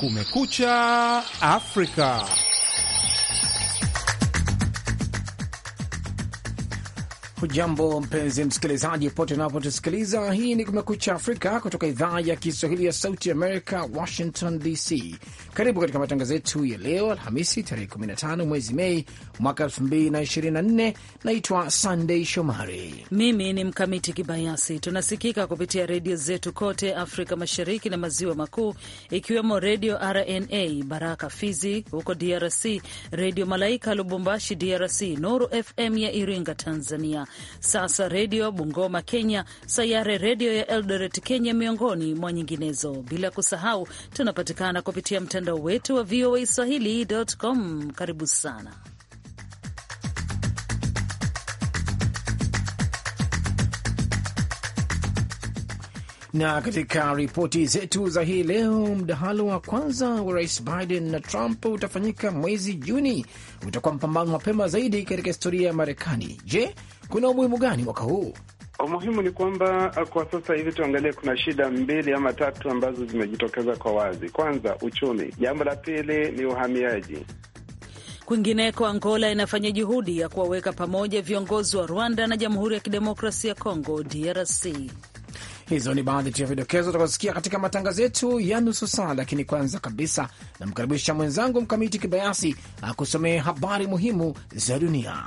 Kumekucha Afrika. Hujambo mpenzi msikilizaji, pote unapotusikiliza. Hii ni Kumekucha Afrika kutoka idhaa ya Kiswahili ya Sauti Amerika, Washington DC. Karibu katika matangazo yetu ya leo Alhamisi, tarehe 15 mwezi Mei mwaka 2024. Naitwa Sandei Shomari, mimi ni Mkamiti Kibayasi. Tunasikika kupitia redio zetu kote Afrika Mashariki na Maziwa Makuu, ikiwemo Redio RNA Baraka Fizi huko DRC, Redio Malaika Lubumbashi DRC, Nuru FM ya Iringa Tanzania, sasa Redio Bungoma Kenya, Sayare Redio ya Eldoret Kenya, miongoni mwa nyinginezo, bila kusahau tunapatikana kupitia mtandao wetu wa VOA Swahili.com. Karibu sana. Na katika ripoti zetu za hii leo, mdahalo wa kwanza wa rais Biden na Trump utafanyika mwezi Juni. Utakuwa mpambano mapema zaidi katika historia ya Marekani. Je, kuna umuhimu gani mwaka huu? Umuhimu ni kwamba uh, kwa sasa hivi tuangalie, kuna shida mbili ama tatu ambazo zimejitokeza kwa wazi. Kwanza uchumi, jambo la pili ni uhamiaji. Kwingineko, Angola inafanya juhudi ya kuwaweka pamoja viongozi wa Rwanda na Jamhuri ya Kidemokrasia ya Kongo, DRC. Hizo ni baadhi tu ya vidokezo utakaosikia katika matangazo yetu ya nusu saa, lakini kwanza kabisa namkaribisha mwenzangu Mkamiti Kibayasi akusomee habari muhimu za dunia.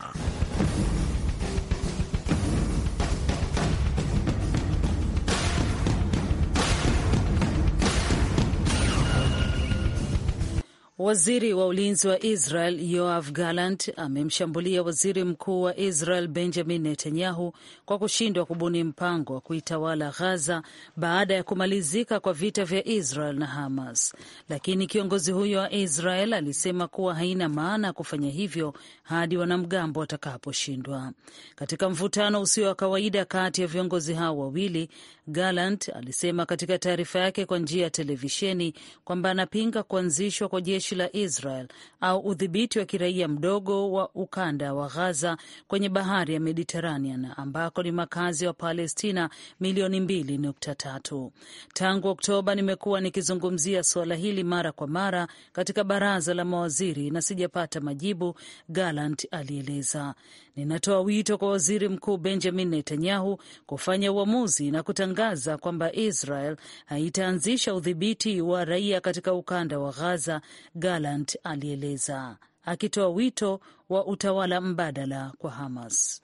Waziri wa ulinzi wa Israel Yoav Gallant amemshambulia waziri mkuu wa Israel Benjamin Netanyahu kwa kushindwa kubuni mpango wa kuitawala Ghaza baada ya kumalizika kwa vita vya Israel na Hamas, lakini kiongozi huyo wa Israel alisema kuwa haina maana ya kufanya hivyo hadi wanamgambo watakaposhindwa. Katika mvutano usio wa kawaida kati ya viongozi hao wawili, Gallant alisema katika taarifa yake kwa njia ya televisheni kwamba anapinga kuanzishwa kwa jeshi jeshi la Israel au udhibiti wa kiraia mdogo wa ukanda wa Gaza kwenye bahari ya mediteranean ambako ni makazi ya Palestina milioni mbili nukta tatu. Tangu Oktoba nimekuwa nikizungumzia suala hili mara kwa mara katika baraza la mawaziri na sijapata majibu, Gallant alieleza. Ninatoa wito kwa waziri mkuu Benjamin Netanyahu kufanya uamuzi na kutangaza kwamba Israel haitaanzisha udhibiti wa raia katika ukanda wa Gaza Gallant alieleza, akitoa wito wa utawala mbadala kwa Hamas.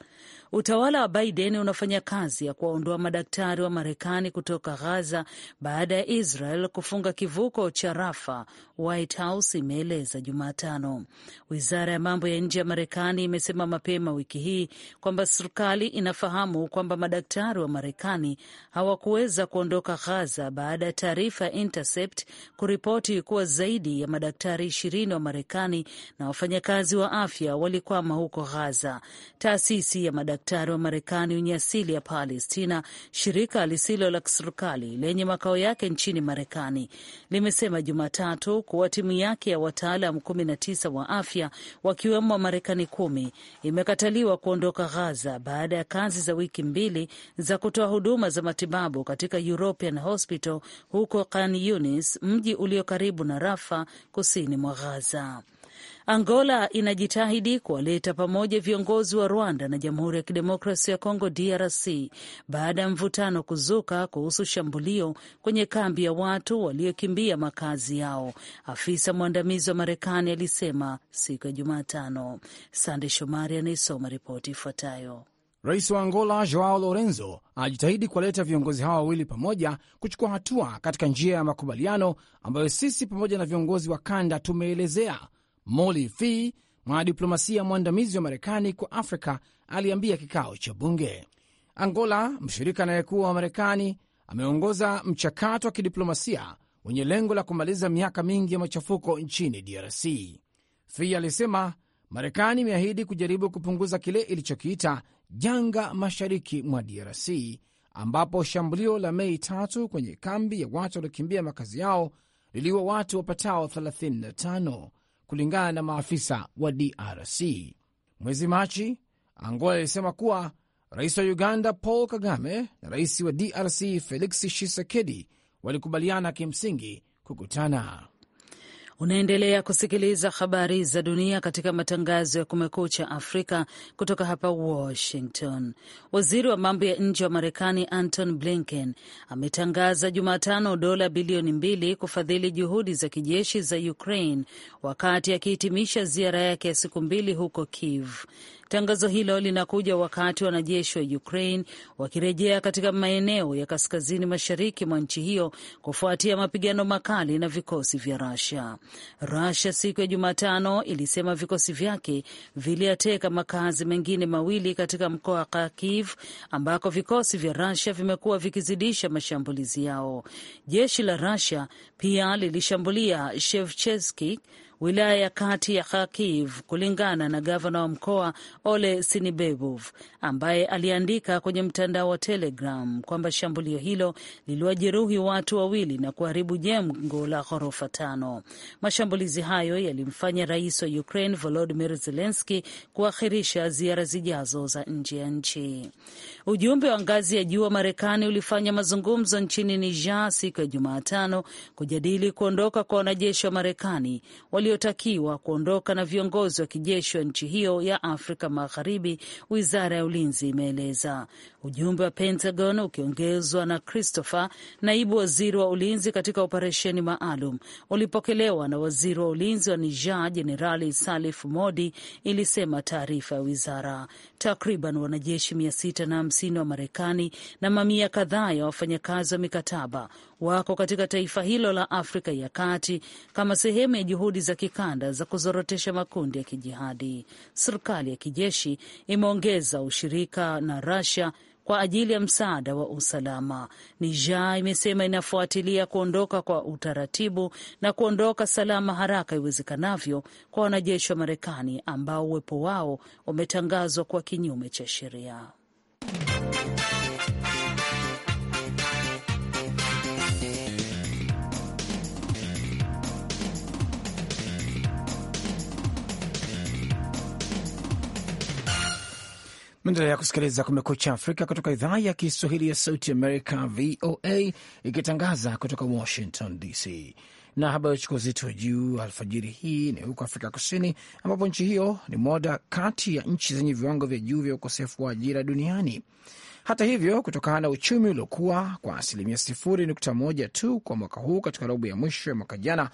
Utawala wa Biden unafanya kazi ya kuwaondoa madaktari wa Marekani kutoka Gaza baada ya Israel kufunga kivuko cha Rafa, White House imeeleza Jumatano. Wizara ya mambo ya nje ya Marekani imesema mapema wiki hii kwamba serikali inafahamu kwamba madaktari wa Marekani hawakuweza kuondoka Gaza baada ya taarifa ya Intercept kuripoti kuwa zaidi ya madaktari ishirini wa Marekani na wafanyakazi wa afya walikwama huko Gaza. Taasisi ya madaktari madaktari wa Marekani wenye asili ya Palestina, shirika lisilo la kiserikali lenye makao yake nchini Marekani limesema Jumatatu kuwa timu yake ya wataalam 19 wa afya wakiwemo marekani kumi imekataliwa kuondoka Ghaza baada ya kazi za wiki mbili za kutoa huduma za matibabu katika European Hospital huko Khan Yunis, mji ulio karibu na Rafa, kusini mwa Ghaza. Angola inajitahidi kuwaleta pamoja viongozi wa Rwanda na Jamhuri ya Kidemokrasi ya Kongo DRC baada ya mvutano kuzuka kuhusu shambulio kwenye kambi ya watu waliokimbia makazi yao, afisa mwandamizi wa Marekani alisema siku ya Jumatano. Sande Shomari anayesoma ripoti ifuatayo. Rais wa Angola Joao Lorenzo anajitahidi kuwaleta viongozi hawa wawili pamoja kuchukua hatua katika njia ya makubaliano ambayo sisi pamoja na viongozi wa kanda tumeelezea Molly Fee, mwanadiplomasia mwandamizi wa Marekani kwa Afrika, aliambia kikao cha bunge. Angola, mshirika anayekuwa wa Marekani, ameongoza mchakato wa kidiplomasia wenye lengo la kumaliza miaka mingi ya machafuko nchini DRC. Fii alisema Marekani imeahidi kujaribu kupunguza kile ilichokiita janga mashariki mwa DRC, ambapo shambulio la Mei tatu kwenye kambi ya watu waliokimbia makazi yao liliua watu wapatao 35 kulingana na maafisa wa DRC. Mwezi Machi, Angola ilisema kuwa rais wa Uganda Paul Kagame na rais wa DRC Felix Tshisekedi walikubaliana kimsingi kukutana. Unaendelea kusikiliza habari za dunia katika matangazo ya Kumekucha Afrika kutoka hapa Washington. Waziri wa mambo ya nje wa Marekani Anton Blinken ametangaza Jumatano dola bilioni mbili kufadhili juhudi za kijeshi za Ukraine wakati akihitimisha ziara yake ya siku mbili huko Kiev. Tangazo hilo linakuja wakati wanajeshi wa Ukraine wakirejea katika maeneo ya kaskazini mashariki mwa nchi hiyo kufuatia mapigano makali na vikosi vya Russia. Russia siku ya Jumatano ilisema vikosi vyake viliyateka makazi mengine mawili katika mkoa wa Kharkiv ambako vikosi vya Russia vimekuwa vikizidisha mashambulizi yao. Jeshi la Russia pia lilishambulia Shevcheski wilaya ya kati ya Kharkiv, kulingana na gavana wa mkoa Ole Sinibebov ambaye aliandika kwenye mtandao wa Telegram kwamba shambulio hilo liliwajeruhi watu wawili na kuharibu jengo la ghorofa tano. Mashambulizi hayo yalimfanya rais wa Ukraine volodimir zelenski kuakhirisha ziara zijazo za nje ya nchi. Ujumbe wa ngazi ya juu wa Marekani ulifanya mazungumzo nchini Niger siku ya Jumatano kujadili kuondoka kwa wanajeshi wa Marekani wali waliotakiwa kuondoka na viongozi wa kijeshi wa nchi hiyo ya Afrika Magharibi, wizara ya ulinzi imeeleza. Ujumbe wa Pentagon ukiongezwa na Christopher, naibu waziri wa ulinzi katika operesheni maalum, ulipokelewa na waziri wa ulinzi wa Niger Jenerali Salif Modi, ilisema taarifa ya wizara. Takriban wanajeshi 6 na wa Marekani na mamia kadhaa ya wafanyakazi wa mikataba wako katika taifa hilo la Afrika ya Kati kama sehemu ya juhudi za kikanda za kuzorotesha makundi ya kijihadi. Serikali ya kijeshi imeongeza ushirika na Russia kwa ajili ya msaada wa usalama. Niger imesema inafuatilia kuondoka kwa utaratibu na kuondoka salama haraka iwezekanavyo kwa wanajeshi wa Marekani ambao uwepo wao umetangazwa kwa kinyume cha sheria. Mnaendelea kusikiliza Kumekucha Afrika kutoka idhaa ya Kiswahili ya Sauti Amerika, VOA, ikitangaza kutoka Washington DC. Na habari chukua uzito wa juu alfajiri hii ni huko Afrika Kusini, ambapo nchi hiyo ni moja kati ya nchi zenye viwango vya juu vya ukosefu wa ajira duniani. Hata hivyo, kutokana na uchumi uliokuwa kwa asilimia sifuri nukta moja tu kwa mwaka huu katika robo ya mwisho ya mwaka jana,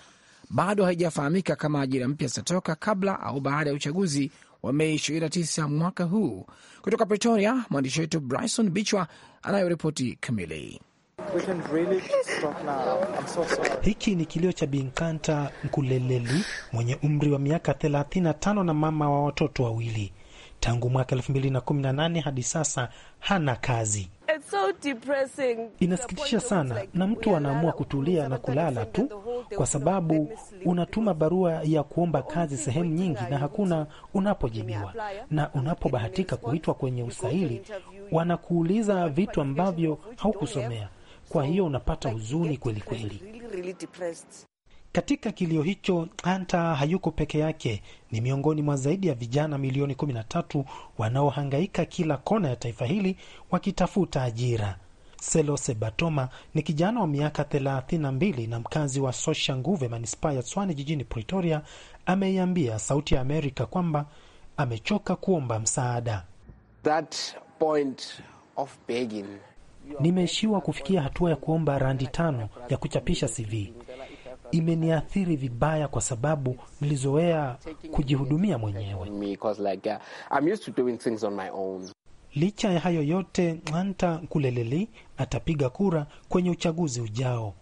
bado haijafahamika kama ajira mpya zitatoka kabla au baada ya uchaguzi wa Mei 29 mwaka huu. Kutoka Pretoria, mwandishi wetu Bryson Bichwa anayoripoti kamili. hiki ni kilio cha Binkanta Nkuleleli mwenye umri wa miaka 35 na mama wa watoto wawili. Tangu mwaka 2018 hadi sasa hana kazi. Inasikitisha sana, na mtu anaamua kutulia na kulala tu, kwa sababu unatuma barua ya kuomba kazi sehemu nyingi na hakuna unapojibiwa, na uh, unapobahatika kuitwa kwenye usaili wanakuuliza vitu ambavyo haukusomea. Kwa hiyo unapata huzuni kweli kweli. Katika kilio hicho, Hanta hayuko peke yake, ni miongoni mwa zaidi ya vijana milioni 13 wanaohangaika kila kona ya taifa hili wakitafuta ajira. Selose Batoma ni kijana wa miaka 32 na mkazi wa Sosha Nguve, manispaa ya Tswane jijini Pretoria. Ameiambia Sauti ya Amerika kwamba amechoka kuomba msaada. That point of begging, nimeishiwa kufikia hatua ya kuomba randi tano ya kuchapisha CV imeniathiri vibaya kwa sababu nilizoea kujihudumia mwenyewe. Uh, Licha ya hayo yote, nanta Kuleleli atapiga kura kwenye uchaguzi ujao.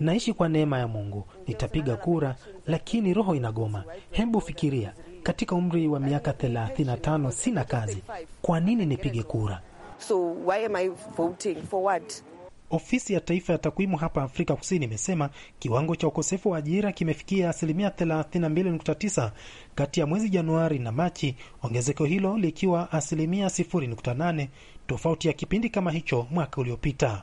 Naishi kwa neema ya Mungu, nitapiga kura, lakini roho inagoma. Hebu fikiria, katika umri wa miaka 35 sina kazi. Kwa nini nipige kura? So why am I voting for what? Ofisi ya Taifa ya Takwimu hapa Afrika Kusini imesema kiwango cha ukosefu wa ajira kimefikia asilimia 32.9 kati ya mwezi Januari na Machi, ongezeko hilo likiwa asilimia 0.8 tofauti ya kipindi kama hicho mwaka uliopita.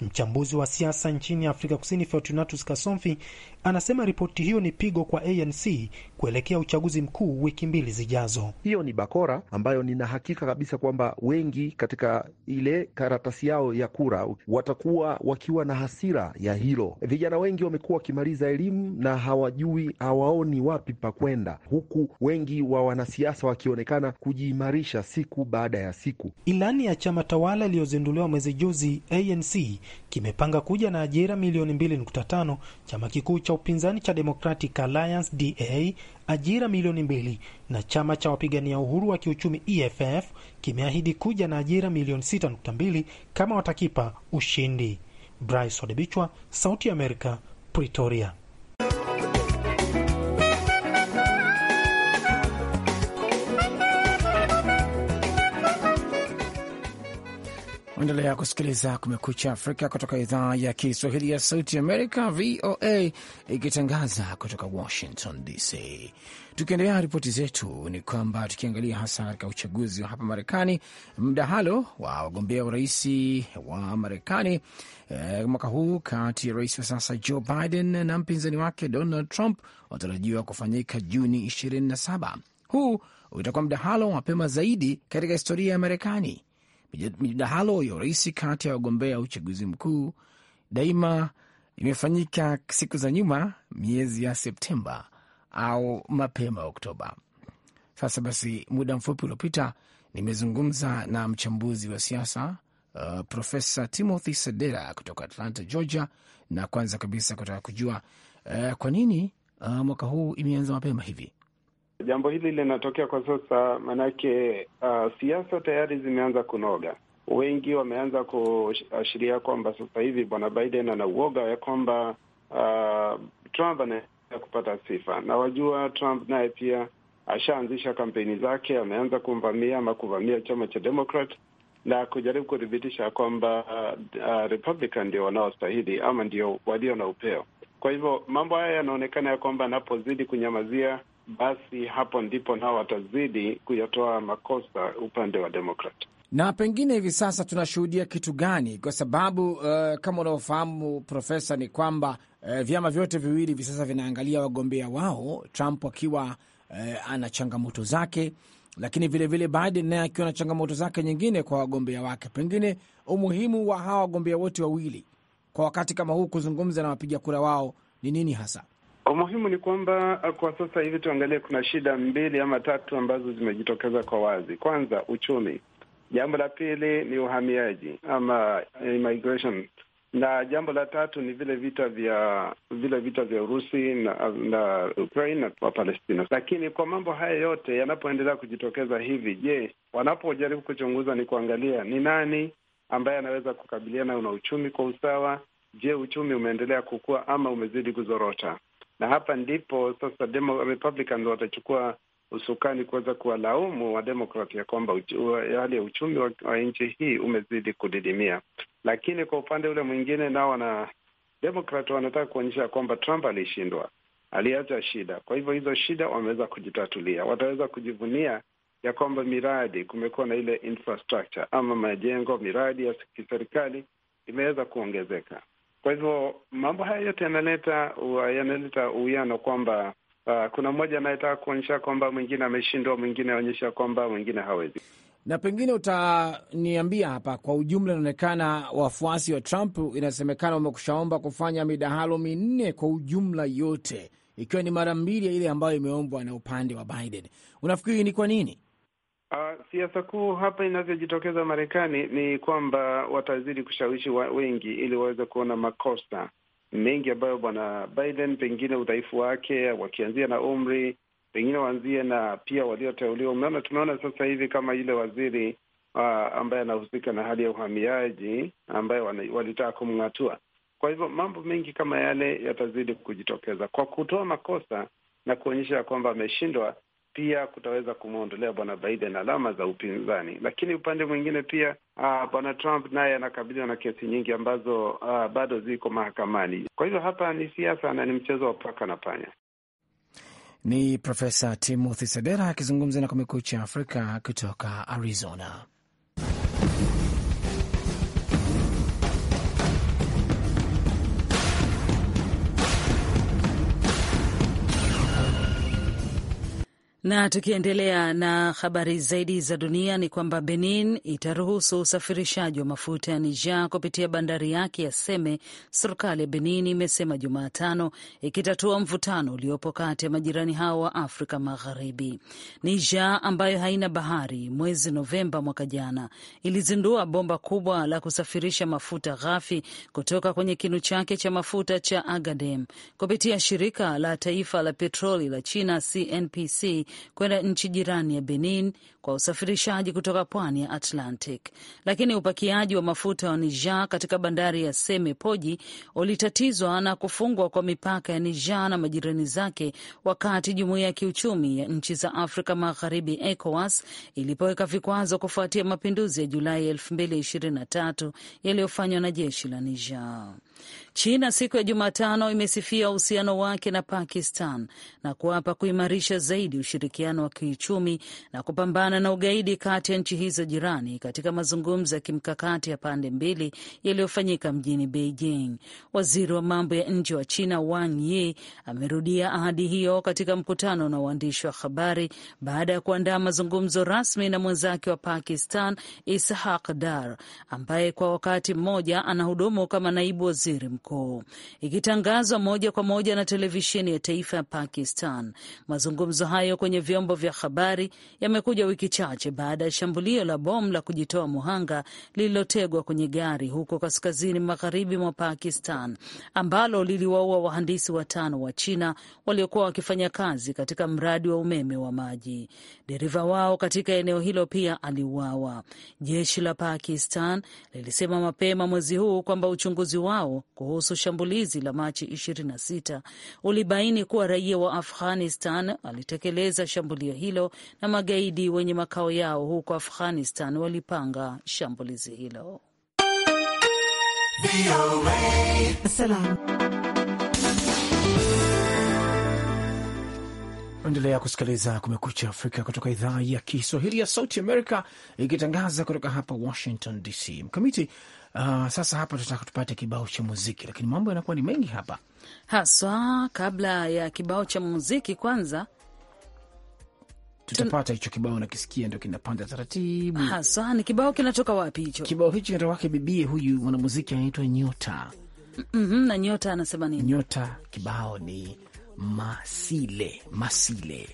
Mchambuzi wa siasa nchini Afrika Kusini Fortunatus Kasomfi Anasema ripoti hiyo ni pigo kwa ANC kuelekea uchaguzi mkuu wiki mbili zijazo. Hiyo ni bakora ambayo nina hakika kabisa kwamba wengi katika ile karatasi yao ya kura watakuwa wakiwa na hasira ya hilo. Vijana wengi wamekuwa wakimaliza elimu na hawajui, hawaoni wapi pa kwenda, huku wengi wa wanasiasa wakionekana kujiimarisha siku baada ya siku. Ilani ya chama tawala iliyozinduliwa mwezi juzi, ANC kimepanga kuja na ajira milioni 2.5 chama kikuu cha cha upinzani cha Democratic Alliance DA ajira milioni mbili na chama cha wapigania uhuru wa kiuchumi EFF kimeahidi kuja na ajira milioni 6.2 kama watakipa ushindi. Bryce Odebichwa, Sauti ya Amerika, Pretoria. Endelea kusikiliza Kumekucha Afrika kutoka idhaa ya Kiswahili ya Sauti Amerika, VOA, ikitangaza kutoka Washington DC. Tukiendelea ripoti zetu, ni kwamba tukiangalia hasa katika uchaguzi wa hapa Marekani, mdahalo wa wagombea urais wa Marekani e, mwaka huu kati ya rais wa sasa Joe Biden na mpinzani wake Donald Trump watarajiwa kufanyika Juni 27. Huu utakuwa mdahalo wa mapema zaidi katika historia ya Marekani. Midahalo ya urais kati ya wagombea uchaguzi mkuu daima imefanyika siku za nyuma, miezi ya Septemba au mapema Oktoba. Sasa basi, muda mfupi uliopita nimezungumza na mchambuzi wa siasa uh, Profesa Timothy Sedera kutoka Atlanta, Georgia, na kwanza kabisa kutaka kujua uh, kwa nini uh, mwaka huu imeanza mapema hivi jambo hili linatokea kwa sasa, maanake uh, siasa tayari zimeanza kunoga. Wengi wameanza kuashiria kwamba sasa hivi bwana Biden ana uoga ya kwamba uh, Trump anaendelea kupata sifa, na wajua Trump naye pia ashaanzisha kampeni zake, ameanza kumvamia ama kuvamia chama cha Democrat na kujaribu kuthibitisha kwamba uh, uh, Republican ndio wanaostahili ama ndio walio na upeo. Kwa hivyo mambo haya yanaonekana ya kwamba anapozidi kunyamazia basi hapo ndipo nao watazidi kuyatoa makosa upande wa Demokrat. Na pengine hivi sasa tunashuhudia kitu gani? Kwa sababu uh, kama unavyofahamu Profesa, ni kwamba uh, vyama vyote viwili hivi sasa vinaangalia wagombea wao, Trump akiwa uh, ana changamoto zake, lakini vilevile Biden naye akiwa na changamoto zake nyingine kwa wagombea wake. Pengine umuhimu wa hawa wagombea wote wawili kwa wakati kama huu kuzungumza na wapiga kura wao ni nini hasa? Umuhimu ni kwamba uh, kwa sasa hivi tuangalie, kuna shida mbili ama tatu ambazo zimejitokeza kwa wazi. Kwanza uchumi, jambo la pili ni uhamiaji ama uh, immigration, na jambo la tatu ni vile vita vya vile vita vya Urusi na, uh, na Ukraine na kwa Palestina. Lakini kwa mambo haya yote yanapoendelea kujitokeza hivi, je, wanapojaribu kuchunguza ni kuangalia ni nani ambaye anaweza kukabiliana na uchumi kwa usawa? Je, uchumi umeendelea kukua ama umezidi kuzorota? na hapa ndipo sasa demo, Republicans watachukua usukani kuweza kuwalaumu Wademokrat ya kwamba hali ya uchumi wa, wa nchi hii umezidi kudidimia. Lakini kwa upande ule mwingine nao wana Demokrat wanataka kuonyesha kwamba Trump alishindwa, aliacha shida. Kwa hivyo hizo shida wameweza kujitatulia, wataweza kujivunia ya kwamba miradi, kumekuwa na ile infrastructure ama majengo, miradi ya kiserikali imeweza kuongezeka. Kwa hivyo mambo haya yote yanaleta yanaleta uwiano kwamba uh, kuna mmoja anayetaka kuonyesha kwamba mwingine ameshindwa, mwingine aonyesha kwamba mwingine hawezi. Na pengine utaniambia hapa, kwa ujumla, inaonekana wafuasi wa Trump inasemekana wamekushaomba kufanya midahalo minne kwa ujumla yote, ikiwa ni mara mbili ya ile ambayo imeombwa na upande wa Biden. Unafikiri ni kwa nini? Uh, siasa kuu hapa inavyojitokeza Marekani ni kwamba watazidi kushawishi wa wengi ili waweze kuona makosa mengi ambayo bwana Biden, pengine udhaifu wake, wakianzia na umri, pengine waanzie na pia walioteuliwa. Umeona, tumeona sasa hivi kama yule waziri uh, ambaye anahusika na hali ya uhamiaji ambaye walitaka kumng'atua. Kwa hivyo mambo mengi kama yale yatazidi kujitokeza kwa kutoa makosa na kuonyesha kwamba ameshindwa pia kutaweza kumwondolea bwana Biden alama za upinzani. Lakini upande mwingine pia uh, bwana Trump naye anakabiliwa na kesi nyingi ambazo uh, bado ziko mahakamani. Kwa hivyo hapa ni siasa na ni mchezo wa paka na panya. Ni Profesa Timothy Sadera akizungumza na Kumekucha Afrika kutoka Arizona. Na tukiendelea na habari zaidi za dunia ni kwamba Benin itaruhusu usafirishaji wa mafuta ya Niger kupitia bandari yake ya Seme, serikali ya Benin imesema Jumatano, ikitatua mvutano uliopo kati ya majirani hao wa Afrika Magharibi. Niger ambayo haina bahari, mwezi Novemba mwaka jana ilizindua bomba kubwa la kusafirisha mafuta ghafi kutoka kwenye kinu chake cha mafuta cha Agadem kupitia shirika la taifa la petroli la China CNPC kwenda nchi jirani ya Benin kwa usafirishaji kutoka pwani ya Atlantic, lakini upakiaji wa mafuta wa Niger katika bandari ya Seme Poji ulitatizwa na kufungwa kwa mipaka ya Niger na majirani zake wakati jumuiya ya kiuchumi ya nchi za Afrika Magharibi ECOWAS ilipoweka vikwazo kufuatia mapinduzi ya Julai 2023 yaliyofanywa na jeshi la Niger. China siku ya Jumatano imesifia uhusiano wake na Pakistan na kuapa kuimarisha zaidi ushirikiano wa kiuchumi na kupambana na ugaidi kati ya nchi hizo jirani katika mazungumzo ya kimkakati ya pande mbili yaliyofanyika mjini Beijing. Waziri wa mambo ya nje wa China Wang Yi amerudia ahadi hiyo katika mkutano na waandishi wa habari baada ya kuandaa mazungumzo rasmi na mwenzake wa Pakistan Ishaq Dar ambaye kwa wakati mmoja anahudumu kama naibu waziri waziri mkuu. Ikitangazwa moja kwa moja na televisheni ya taifa ya Pakistan, mazungumzo hayo kwenye vyombo vya habari yamekuja wiki chache baada ya shambulio la bomu la kujitoa muhanga lililotegwa kwenye gari huko kaskazini magharibi mwa Pakistan, ambalo liliwaua wahandisi watano wa China waliokuwa wakifanya kazi katika mradi wa umeme wa maji. Dereva wao katika eneo hilo pia aliuawa. Jeshi la Pakistan lilisema mapema mwezi huu kwamba uchunguzi wao kuhusu shambulizi la Machi 26 ulibaini kuwa raia wa Afghanistan alitekeleza shambulio hilo na magaidi wenye makao yao huko Afghanistan walipanga shambulizi hilo. Endelea kusikiliza Kumekucha Afrika kutoka idhaa ya Kiswahili ya Sauti Amerika, ikitangaza kutoka hapa Washington DC. Mkamiti Ah, sasa hapa tunataka tupate kibao cha muziki, lakini mambo yanakuwa ni mengi hapa haswa. Kabla ya kibao cha muziki, kwanza tutapata hicho kibao, nakisikia ndo kinapanda taratibu haswa. Ni kibao kinatoka wapi hicho? Kibao Hichi kinatoka wake bibie huyu mwanamuziki anaitwa Nyota. Mm -hmm, na Nyota anasema nini? Nyota kibao ni Masile Masile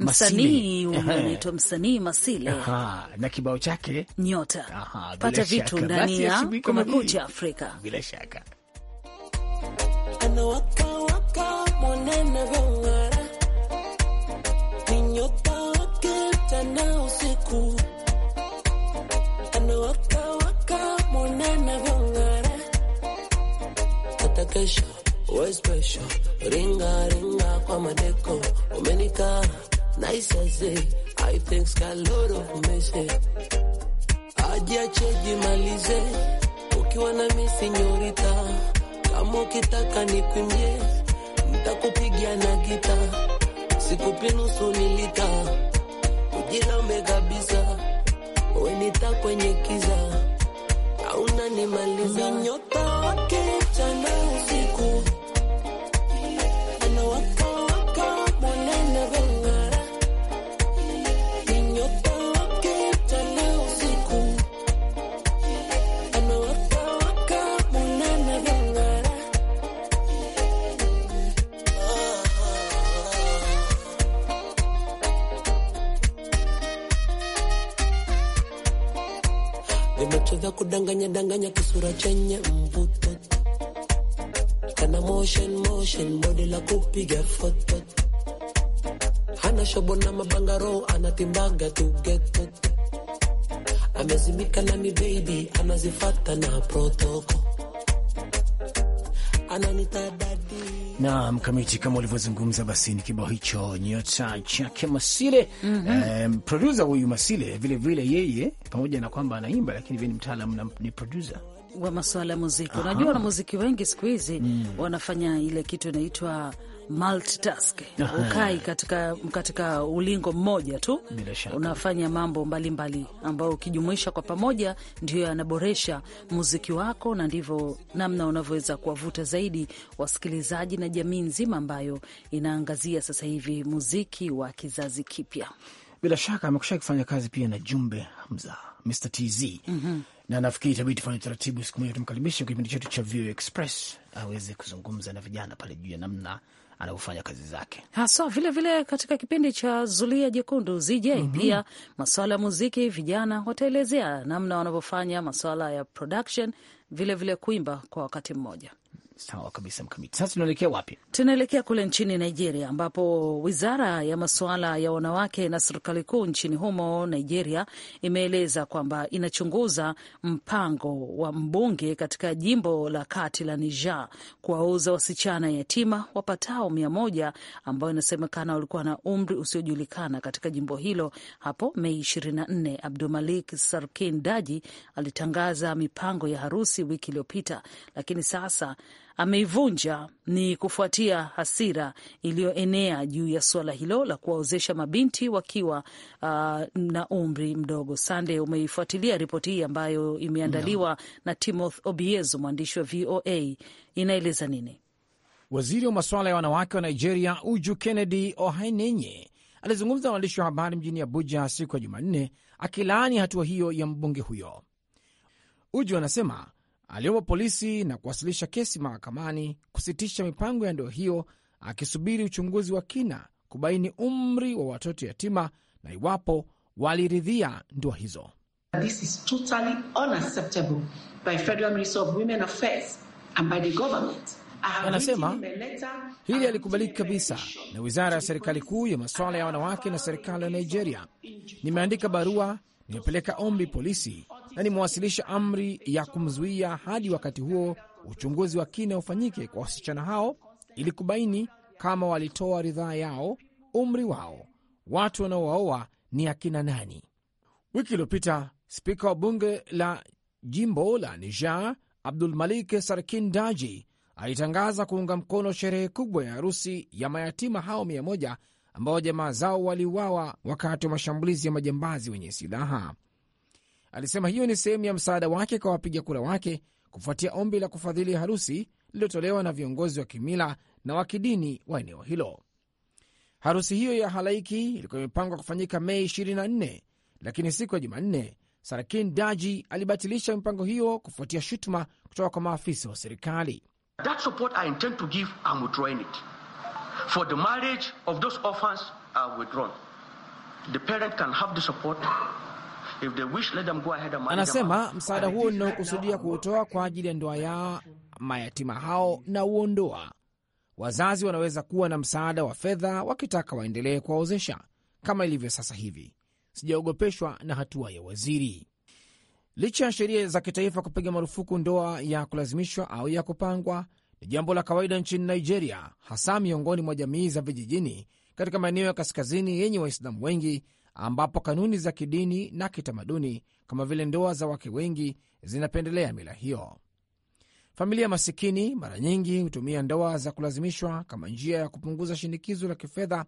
msanii anaitwa msanii Masile aha, na kibao chake Nyota. Aha, pata vitu ndani ya Kumekucha Afrika bila shaka kesho we special ringa ringa kwa madeko umenikana nice as eh, I think a lot of mercy. Ajiache jimalize, ukiwa na misi nyorita, kama ukitaka nikwimbie, nitakupigia na gita, sikupi nusu nilita, ujirambe kabisa, we nita kwenye kiza, auna nimaliza nyota wake chana usiku danganya danganya kisura chenye mvuto kana motion motion body la kupiga foto hana shobo na mabangaro anatimbaga tu geto amezimika na mi baby anazifata na protoko ananitada na mkamiti kama ulivyozungumza, basi ni kibao hicho nyota chake Masile. mm -hmm. Um, produsa huyu Masile vilevile vile yeye pamoja na kwamba anaimba, lakini vye ni mtaalam, ni produsa wa masuala ya muziki. Unajua wanamuziki wengi siku hizi mm. wanafanya ile kitu inaitwa multitask, ukai katika, katika ulingo mmoja tu, unafanya mambo mbalimbali ambayo ukijumuisha kwa pamoja ndiyo yanaboresha muziki wako, na ndivyo namna unavyoweza kuwavuta zaidi wasikilizaji na jamii nzima ambayo inaangazia sasa hivi muziki wa kizazi kipya. Bila shaka amekusha kifanya kazi pia na Jumbe Hamza, Mr TZ. mm -hmm. Na nafikiri itabidi tufanye taratibu, siku moja tumkaribishe kipindi chetu cha VOA Express aweze kuzungumza na vijana pale juu ya namna anavyofanya kazi zake haswa. So, vilevile katika kipindi cha Zulia Jekundu ZJ, mm -hmm. pia masuala ya muziki, vijana wataelezea namna wanavyofanya masuala ya production vilevile vile kuimba kwa wakati mmoja. Sawa kabisa Mkamiti. Sasa tunaelekea wapi? Tunaelekea kule nchini Nigeria, ambapo wizara ya masuala ya wanawake na serikali kuu nchini humo Nigeria imeeleza kwamba inachunguza mpango wa mbunge katika jimbo la kati la Niger kuwauza wasichana yatima wapatao mia moja ambao inasemekana walikuwa na umri usiojulikana katika jimbo hilo hapo Mei 24. Abdumalik Sarkin Daji alitangaza mipango ya harusi wiki iliyopita, lakini sasa ameivunja ni kufuatia hasira iliyoenea juu ya suala hilo la kuwaozesha mabinti wakiwa uh, na umri mdogo. Sande, umeifuatilia ripoti hii ambayo imeandaliwa no. na timoth Obiezu, mwandishi wa VOA. Inaeleza nini? Waziri wa masuala ya wanawake wa Nigeria Uju Kennedy Ohainenye alizungumza na waandishi wa habari mjini Abuja siku ya Jumanne akilaani hatua hiyo ya mbunge huyo. Uju anasema aliomba polisi na kuwasilisha kesi mahakamani kusitisha mipango ya ndoa hiyo, akisubiri uchunguzi wa kina kubaini umri wa watoto yatima na iwapo waliridhia ndoa hizo. This is totally unacceptable by Federal of Women Affairs and by the government. Anasema hili alikubaliki kabisa na wizara ya serikali kuu ya masuala ya wanawake na serikali ya Nigeria. Nimeandika barua, nimepeleka ombi polisi na nimewasilisha amri ya kumzuia hadi wakati huo uchunguzi wa kina ufanyike kwa wasichana hao ili kubaini kama walitoa ridhaa yao, umri wao, watu wanaowaoa ni akina nani. Wiki iliyopita spika wa bunge la jimbo la Niger Abdul Malik Sarkin Daji alitangaza kuunga mkono sherehe kubwa ya harusi ya mayatima hao mia moja ambao jamaa zao waliuawa wakati wa mashambulizi ya majambazi wenye silaha. Alisema hiyo ni sehemu ya msaada wake kwa wapiga kura wake kufuatia ombi la kufadhili harusi lililotolewa na viongozi wa kimila na wa kidini wa eneo hilo. Harusi hiyo ya halaiki ilikuwa imepangwa kufanyika Mei 24, lakini siku ya Jumanne sarakin Daji alibatilisha mipango hiyo kufuatia shutuma kutoka kwa maafisa wa serikali anasema msaada huo unaokusudia kuutoa kwa ajili ya ndoa ya mayatima hao na uondoa. Wazazi wanaweza kuwa na msaada wa fedha wakitaka waendelee kuwaozesha kama ilivyo sasa hivi. Sijaogopeshwa na hatua ya waziri. Licha ya sheria za kitaifa kupiga marufuku ndoa ya kulazimishwa au ya kupangwa, ni jambo la kawaida nchini Nigeria, hasa miongoni mwa jamii za vijijini katika maeneo ya kaskazini yenye Waislamu wengi ambapo kanuni za kidini na kitamaduni kama vile ndoa za wake wengi zinapendelea mila hiyo. Familia masikini mara nyingi hutumia ndoa za kulazimishwa kama njia ya kupunguza shinikizo la kifedha,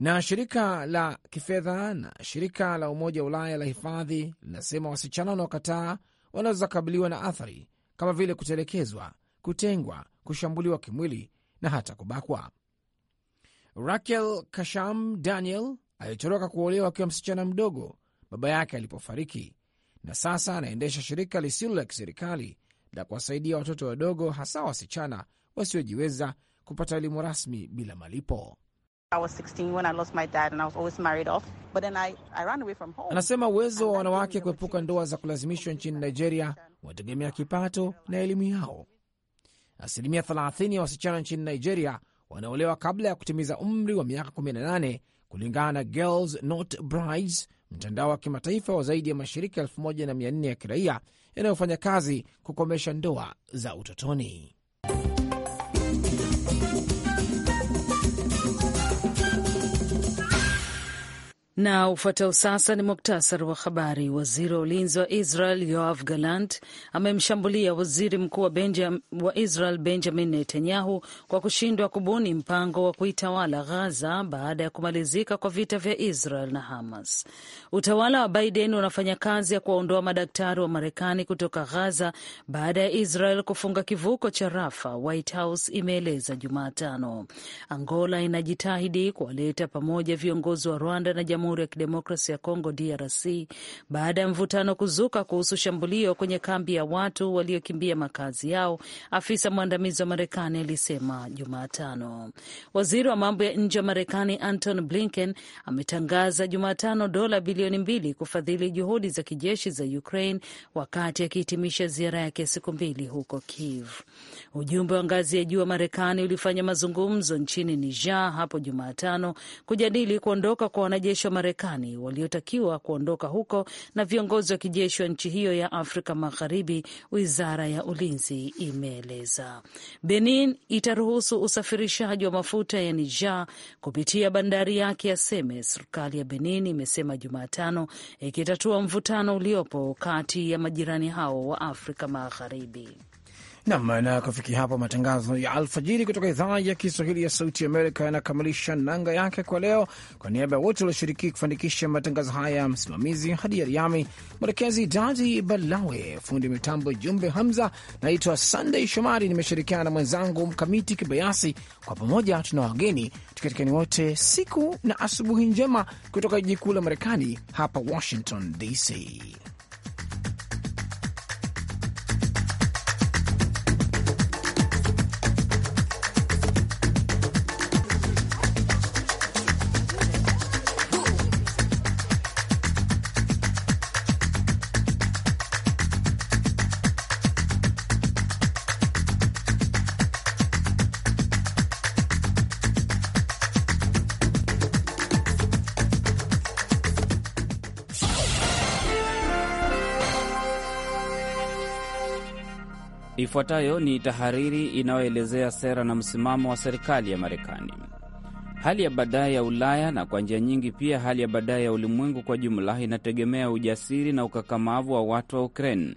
na shirika la kifedha na shirika la Umoja wa Ulaya la hifadhi linasema wasichana wanaokataa wanaweza kukabiliwa na athari kama vile kutelekezwa, kutengwa, kushambuliwa kimwili na hata kubakwa. rael Kasham Daniel alitoroka kuolewa akiwa msichana mdogo baba yake alipofariki, na sasa anaendesha shirika lisilo la kiserikali la kuwasaidia watoto wadogo, hasa wasichana wasiojiweza kupata elimu rasmi bila malipo. Anasema uwezo wa wanawake kuepuka ndoa za kulazimishwa nchini Nigeria unategemea kipato na elimu yao. Asilimia 30 ya wasichana nchini Nigeria wanaolewa kabla ya kutimiza umri wa miaka 18 kulingana na Girls Not Brides, mtandao wa kimataifa wa zaidi ya mashirika 1400 ya kiraia yanayofanya kazi kukomesha ndoa za utotoni. Na ufuatao sasa ni muktasari wa habari. Waziri wa ulinzi wa Israel Yoav Galant amemshambulia waziri mkuu wa, wa Israel Benjamin Netanyahu kwa kushindwa kubuni mpango wa kuitawala Ghaza baada ya kumalizika kwa vita vya Israel na Hamas. Utawala wa Biden unafanya kazi ya kuwaondoa madaktari wa Marekani kutoka Ghaza baada ya Israel kufunga kivuko cha Rafa, White House imeeleza Jumatano. Angola inajitahidi kuwaleta pamoja viongozi wa Rwanda na jamu Jamhuri ya Kidemokrasi ya Kongo DRC baada ya mvutano kuzuka kuhusu shambulio kwenye kambi ya watu waliokimbia makazi yao, afisa mwandamizi wa Marekani alisema Jumatano. Waziri wa mambo ya nje wa Marekani Anton Blinken ametangaza Jumatano dola bilioni mbili kufadhili juhudi za kijeshi za Ukraine wakati akihitimisha ziara yake siku mbili huko Kiev. Ujumbe wa ngazi ya juu wa Marekani ulifanya mazungumzo nchini Niger hapo Jumatano kujadili kuondoka kwa wanajeshi wa Marekani waliotakiwa kuondoka huko na viongozi wa kijeshi wa nchi hiyo ya Afrika Magharibi, wizara ya ulinzi imeeleza. Benin itaruhusu usafirishaji wa mafuta ya Niger kupitia bandari yake ya Seme, serikali ya Benin imesema Jumatano, ikitatua mvutano uliopo kati ya majirani hao wa Afrika Magharibi. Nam, na kufikia hapo matangazo ya alfajiri kutoka idhaa ya Kiswahili ya Sauti Amerika yanakamilisha nanga yake kwa leo. Kwa niaba ya wote walioshiriki kufanikisha matangazo haya, msimamizi Hadi Yariami, mwelekezi Dadi Balawe, fundi mitambo Jumbe Hamza. Naitwa Sandey Shomari, nimeshirikiana na mwenzangu Mkamiti Kibayasi. Kwa pamoja tuna wageni tukiatikani wote, siku na asubuhi njema kutoka jiji kuu la Marekani hapa Washington DC. Ifuatayo ni tahariri inayoelezea sera na msimamo wa serikali ya Marekani. Hali ya baadaye ya Ulaya na kwa njia nyingi pia hali ya baadaye ya ulimwengu kwa jumla inategemea ujasiri na ukakamavu wa watu wa Ukraine.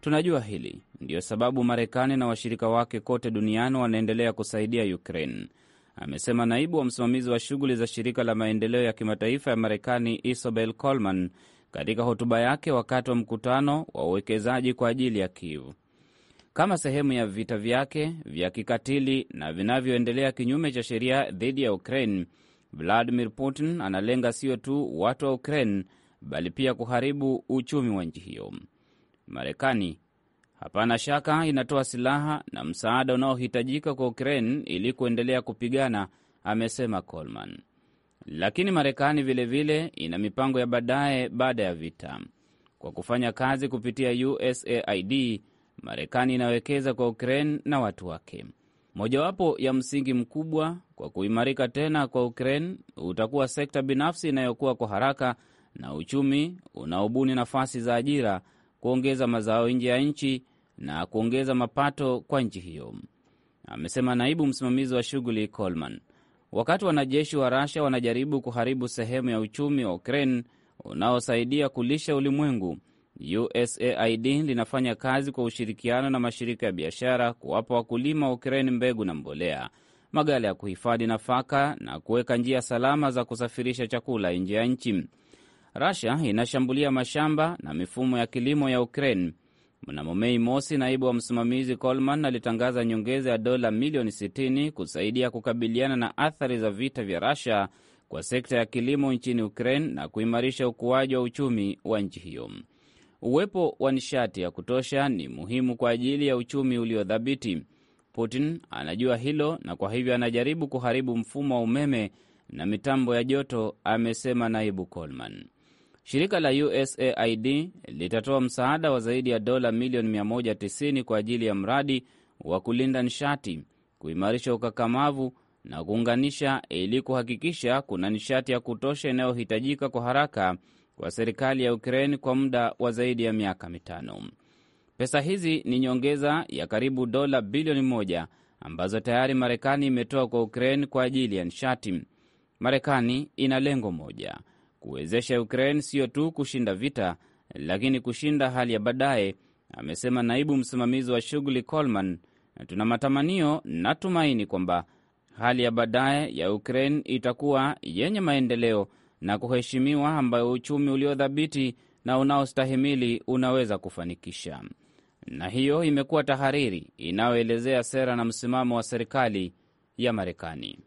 Tunajua hili, ndiyo sababu Marekani na washirika wake kote duniani wanaendelea kusaidia Ukraine, amesema naibu wa msimamizi wa shughuli za shirika la maendeleo ya kimataifa ya Marekani isabel Coleman katika hotuba yake wakati wa mkutano wa uwekezaji kwa ajili ya Kiev kama sehemu ya vita vyake vya kikatili na vinavyoendelea kinyume cha sheria dhidi ya Ukraine. Vladimir Putin analenga sio tu watu wa Ukraine bali pia kuharibu uchumi wa nchi hiyo. Marekani hapana shaka inatoa silaha na msaada unaohitajika kwa Ukraine ili kuendelea kupigana, amesema Coleman. Lakini Marekani vilevile ina mipango ya baadaye baada ya vita kwa kufanya kazi kupitia USAID Marekani inawekeza kwa Ukraine na watu wake. Mojawapo ya msingi mkubwa kwa kuimarika tena kwa Ukraine utakuwa sekta binafsi inayokuwa kwa haraka na uchumi unaobuni nafasi za ajira, kuongeza mazao nje ya nchi na kuongeza mapato kwa nchi hiyo, amesema naibu msimamizi wa shughuli Coleman. Wakati wanajeshi wa Rasha wanajaribu kuharibu sehemu ya uchumi wa Ukraine unaosaidia kulisha ulimwengu, USAID linafanya kazi kwa ushirikiano na mashirika ya biashara kuwapa wakulima wa Ukraini mbegu na mbolea, magala ya kuhifadhi nafaka na kuweka njia salama za kusafirisha chakula nje ya nchi. rusia inashambulia mashamba na mifumo ya kilimo ya Ukraine. Mnamo Mei mosi, naibu wa msimamizi Coleman alitangaza nyongeza ya dola milioni 60 kusaidia kukabiliana na athari za vita vya rusia kwa sekta ya kilimo nchini Ukraine na kuimarisha ukuaji wa uchumi wa nchi hiyo. Uwepo wa nishati ya kutosha ni muhimu kwa ajili ya uchumi uliodhabiti. Putin anajua hilo na kwa hivyo anajaribu kuharibu mfumo wa umeme na mitambo ya joto, amesema naibu Coleman. Shirika la USAID litatoa msaada wa zaidi ya dola milioni 190 kwa ajili ya mradi wa kulinda nishati, kuimarisha ukakamavu na kuunganisha, ili kuhakikisha kuna nishati ya kutosha inayohitajika kwa haraka wa serikali ya Ukraine kwa muda wa zaidi ya miaka mitano. Pesa hizi ni nyongeza ya karibu dola bilioni moja ambazo tayari Marekani imetoa kwa Ukraine kwa ajili ya nishati. Marekani ina lengo moja, kuwezesha Ukraine siyo tu kushinda vita, lakini kushinda hali ya baadaye, amesema naibu msimamizi wa shughuli Coleman. Tuna matamanio na tumaini kwamba hali ya baadaye ya Ukraine itakuwa yenye maendeleo na kuheshimiwa ambayo uchumi uliodhabiti na unaostahimili unaweza kufanikisha. Na hiyo imekuwa tahariri inayoelezea sera na msimamo wa serikali ya Marekani.